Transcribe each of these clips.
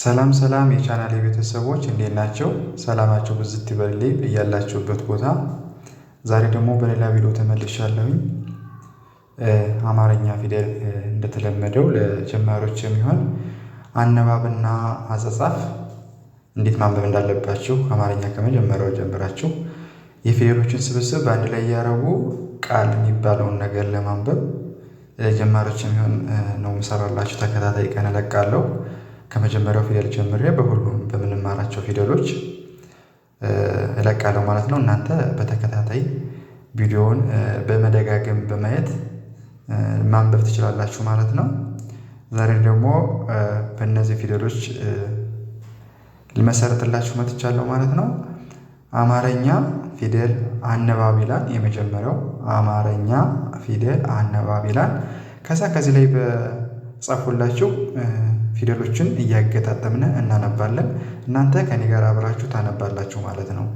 ሰላም ሰላም የቻናል ቤተሰቦች እንዴት ናቸው? ሰላማቸው ብዝት ይበልልኝ እያላችሁበት ቦታ። ዛሬ ደግሞ በሌላ ቪዲዮ ተመልሻለሁኝ። አማርኛ ፊደል እንደተለመደው ለጀማሪዎች የሚሆን አነባብና አጸጻፍ እንዴት ማንበብ እንዳለባችሁ አማርኛ ከመጀመሪያው ጀምራችሁ የፊደሎችን ስብስብ በአንድ ላይ እያረጉ ቃል የሚባለውን ነገር ለማንበብ ጀማሪዎች የሚሆን ነው የምሰራላችሁ። ተከታታይ ቀን እለቃለሁ። ከመጀመሪያው ፊደል ጀምሬ በሁሉም በምንማራቸው ፊደሎች እለቃለሁ ማለት ነው። እናንተ በተከታታይ ቪዲዮውን በመደጋገም በማየት ማንበብ ትችላላችሁ ማለት ነው። ዛሬ ደግሞ በእነዚህ ፊደሎች ልመሰረትላችሁ መጥቻለሁ ማለት ነው። አማረኛ ፊደል አነባብ ይላል የመጀመሪያው አማረኛ ፊደል አነባብ ይላል። ከዛ ከዚህ ላይ በጻፉላችሁ ፊደሎችን እያገጣጠምን እናነባለን። እናንተ ከኔ ጋር አብራችሁ ታነባላችሁ ማለት ነው።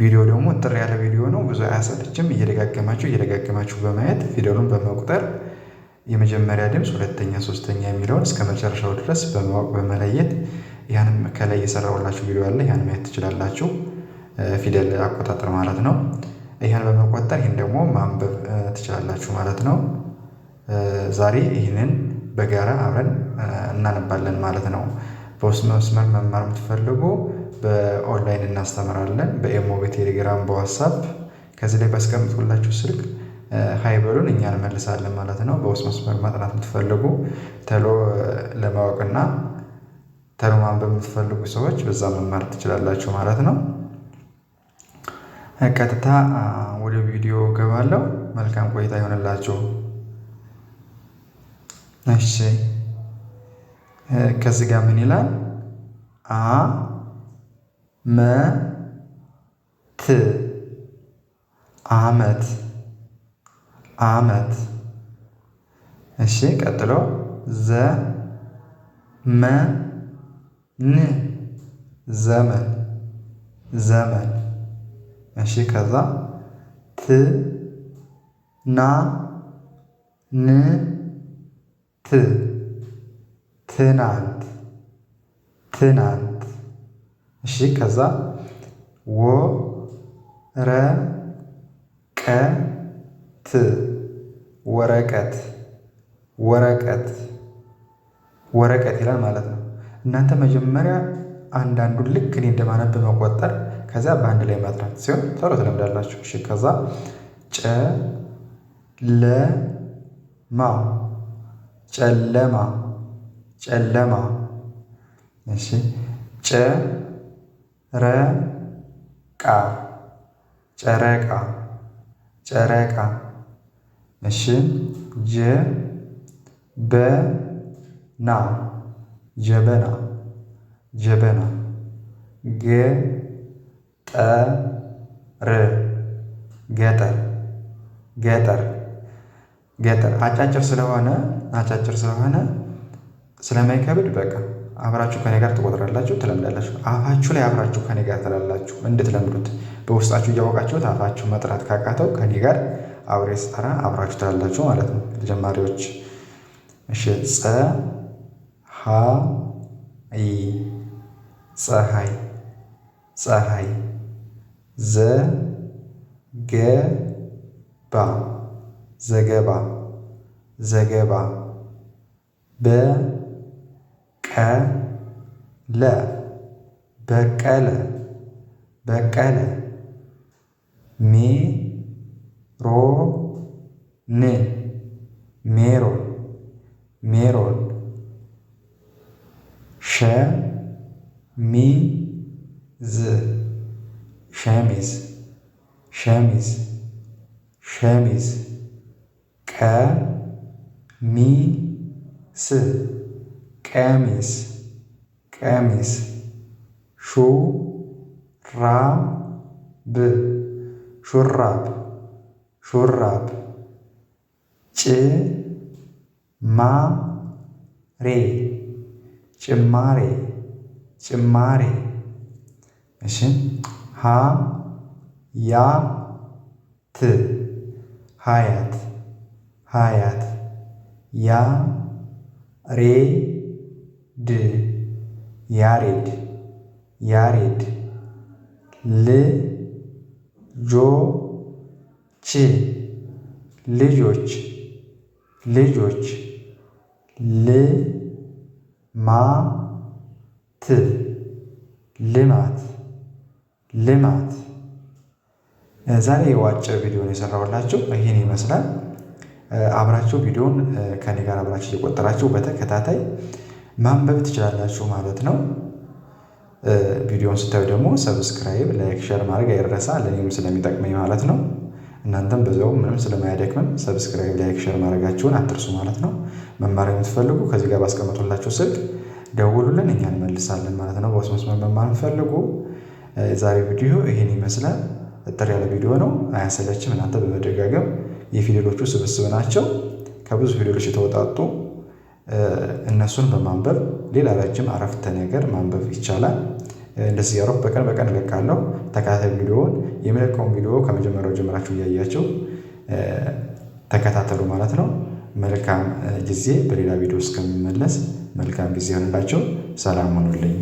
ቪዲዮ ደግሞ ጥር ያለ ቪዲዮ ነው። ብዙ አያሳትችም። እየደጋገማችሁ እየደጋገማችሁ በማየት ፊደሉን በመቁጠር የመጀመሪያ ድምፅ፣ ሁለተኛ፣ ሶስተኛ የሚለውን እስከ መጨረሻው ድረስ በማወቅ በመለየት ያንም ከላይ የሰራሁላችሁ ቪዲዮ አለ። ያን ማየት ትችላላችሁ። ፊደል አቆጣጠር ማለት ነው። ይህን በመቆጠር ይህን ደግሞ ማንበብ ትችላላችሁ ማለት ነው። ዛሬ ይህንን በጋራ አብረን እናነባለን ማለት ነው። በውስጥ መስመር መማር የምትፈልጉ በኦንላይን እናስተምራለን በኤሞ በቴሌግራም በዋትሳፕ ከዚህ ላይ ባስቀምጥኩላችሁ ስልክ ሀይበሉን እኛ እንመልሳለን ማለት ነው። በውስጥ መስመር ማጥናት የምትፈልጉ ተሎ ለማወቅና ተሎ ማንበብ የምትፈልጉ ሰዎች በዛ መማር ትችላላችሁ ማለት ነው። ቀጥታ ወደ ቪዲዮ ገባለሁ። መልካም ቆይታ ይሆንላችሁ። እሺ ከዚህ ጋር ምን ይላል? አ መ ት አመት አመት። እሺ ቀጥሎ ዘ መ ን ዘመን ዘመን። እሺ ከዛ ት ና ን ት ትናንት ትናንት እሺ ከዛ ወረቀት ወረቀት ወረቀት ወረቀት ይላል ማለት ነው። እናንተ መጀመሪያ አንዳንዱን ልክ እኔ እንደማነብ መቆጠር ከዚያ በአንድ ላይ ማጥናት ሲሆን ቶሎ ትለምዳላችሁ። እሺ ከዛ ማ ጨለማ ጨለማ እሺ ቃ ጨረቃ ጨረቃ እሺ ጀበና ጀበና ጀበና ር ገጠር ገጠር ገጠር አጫጭር ስለሆነ አጫጭር ስለሆነ ስለማይከብድ በቃ አብራችሁ ከኔ ጋር ትቆጥራላችሁ፣ ትለምዳላችሁ። አፋችሁ ላይ አብራችሁ ከኔ ጋር ትላላችሁ፣ እንድትለምዱት በውስጣችሁ እያወቃችሁት አፋችሁ መጥራት ካቃተው ከኔ ጋር አብሬ ስጠራ አብራችሁ ትላላችሁ ማለት ነው። ተጀማሪዎች እሺ። ፀ ሀ ይ ፀሐይ ፀሐይ ዘ ገ ባ ዘገባ ዘገባ በ ለ በቀለ በቀለ ሜ ሮ ን ሜሮን ሜሮን ሸ ሚ ዝ ሸሚዝ ሸሚዝ ሸሚዝ ቀ ሚ ስ Kamis. Kamis. Şu rab. Şurrab. Şurrab. Çi ma re. Çimare. Çimare. እሺ ሀ ያ ት ሀያት ሀያት ያ ሬ ድ ያሬድ ያሬድ ል ጆ ች ልጆች ልጆች ል ማ ት ልማት ልማት ዛሬ አጭር ቪዲዮን የሰራሁላችሁ ይህን ይመስላል። አብራችሁ ቪዲዮን ከኔ ጋር አብራችሁ እየቆጠራችሁ በተከታታይ ማንበብ ትችላላችሁ ማለት ነው። ቪዲዮውን ስታዩ ደግሞ ሰብስክራይብ፣ ላይክ፣ ሸር ማድረግ አይረሳ ለእኔም ስለሚጠቅመኝ ማለት ነው። እናንተም በዚያው ምንም ስለማያደክምም ሰብስክራይብ፣ ላይክ፣ ሸር ማድረጋችሁን አትርሱ ማለት ነው። መማር የምትፈልጉ ከዚህ ጋር ባስቀመጡላችሁ ስልክ ደውሉልን፣ እኛ እንመልሳለን ማለት ነው። በውስጥ መስመር መማር የምትፈልጉ የዛሬ ቪዲዮ ይህን ይመስላል። እጥር ያለ ቪዲዮ ነው፣ አያሰለችም። እናንተ በመደጋገም የፊደሎቹ ስብስብ ናቸው። ከብዙ ፊደሎች የተወጣጡ እነሱን በማንበብ ሌላ ረጅም አረፍተ ነገር ማንበብ ይቻላል። እንደዚህ ያሮፍ በቀን በቀን እለቃለሁ። ተከታታይ ቪዲዮውን የምለቀውን ቪዲዮ ከመጀመሪያው ጀምራችሁ እያያችሁ ተከታተሉ ማለት ነው። መልካም ጊዜ። በሌላ ቪዲዮ እስከሚመለስ መልካም ጊዜ ይሆንላችሁ። ሰላም ሆኑልኝ።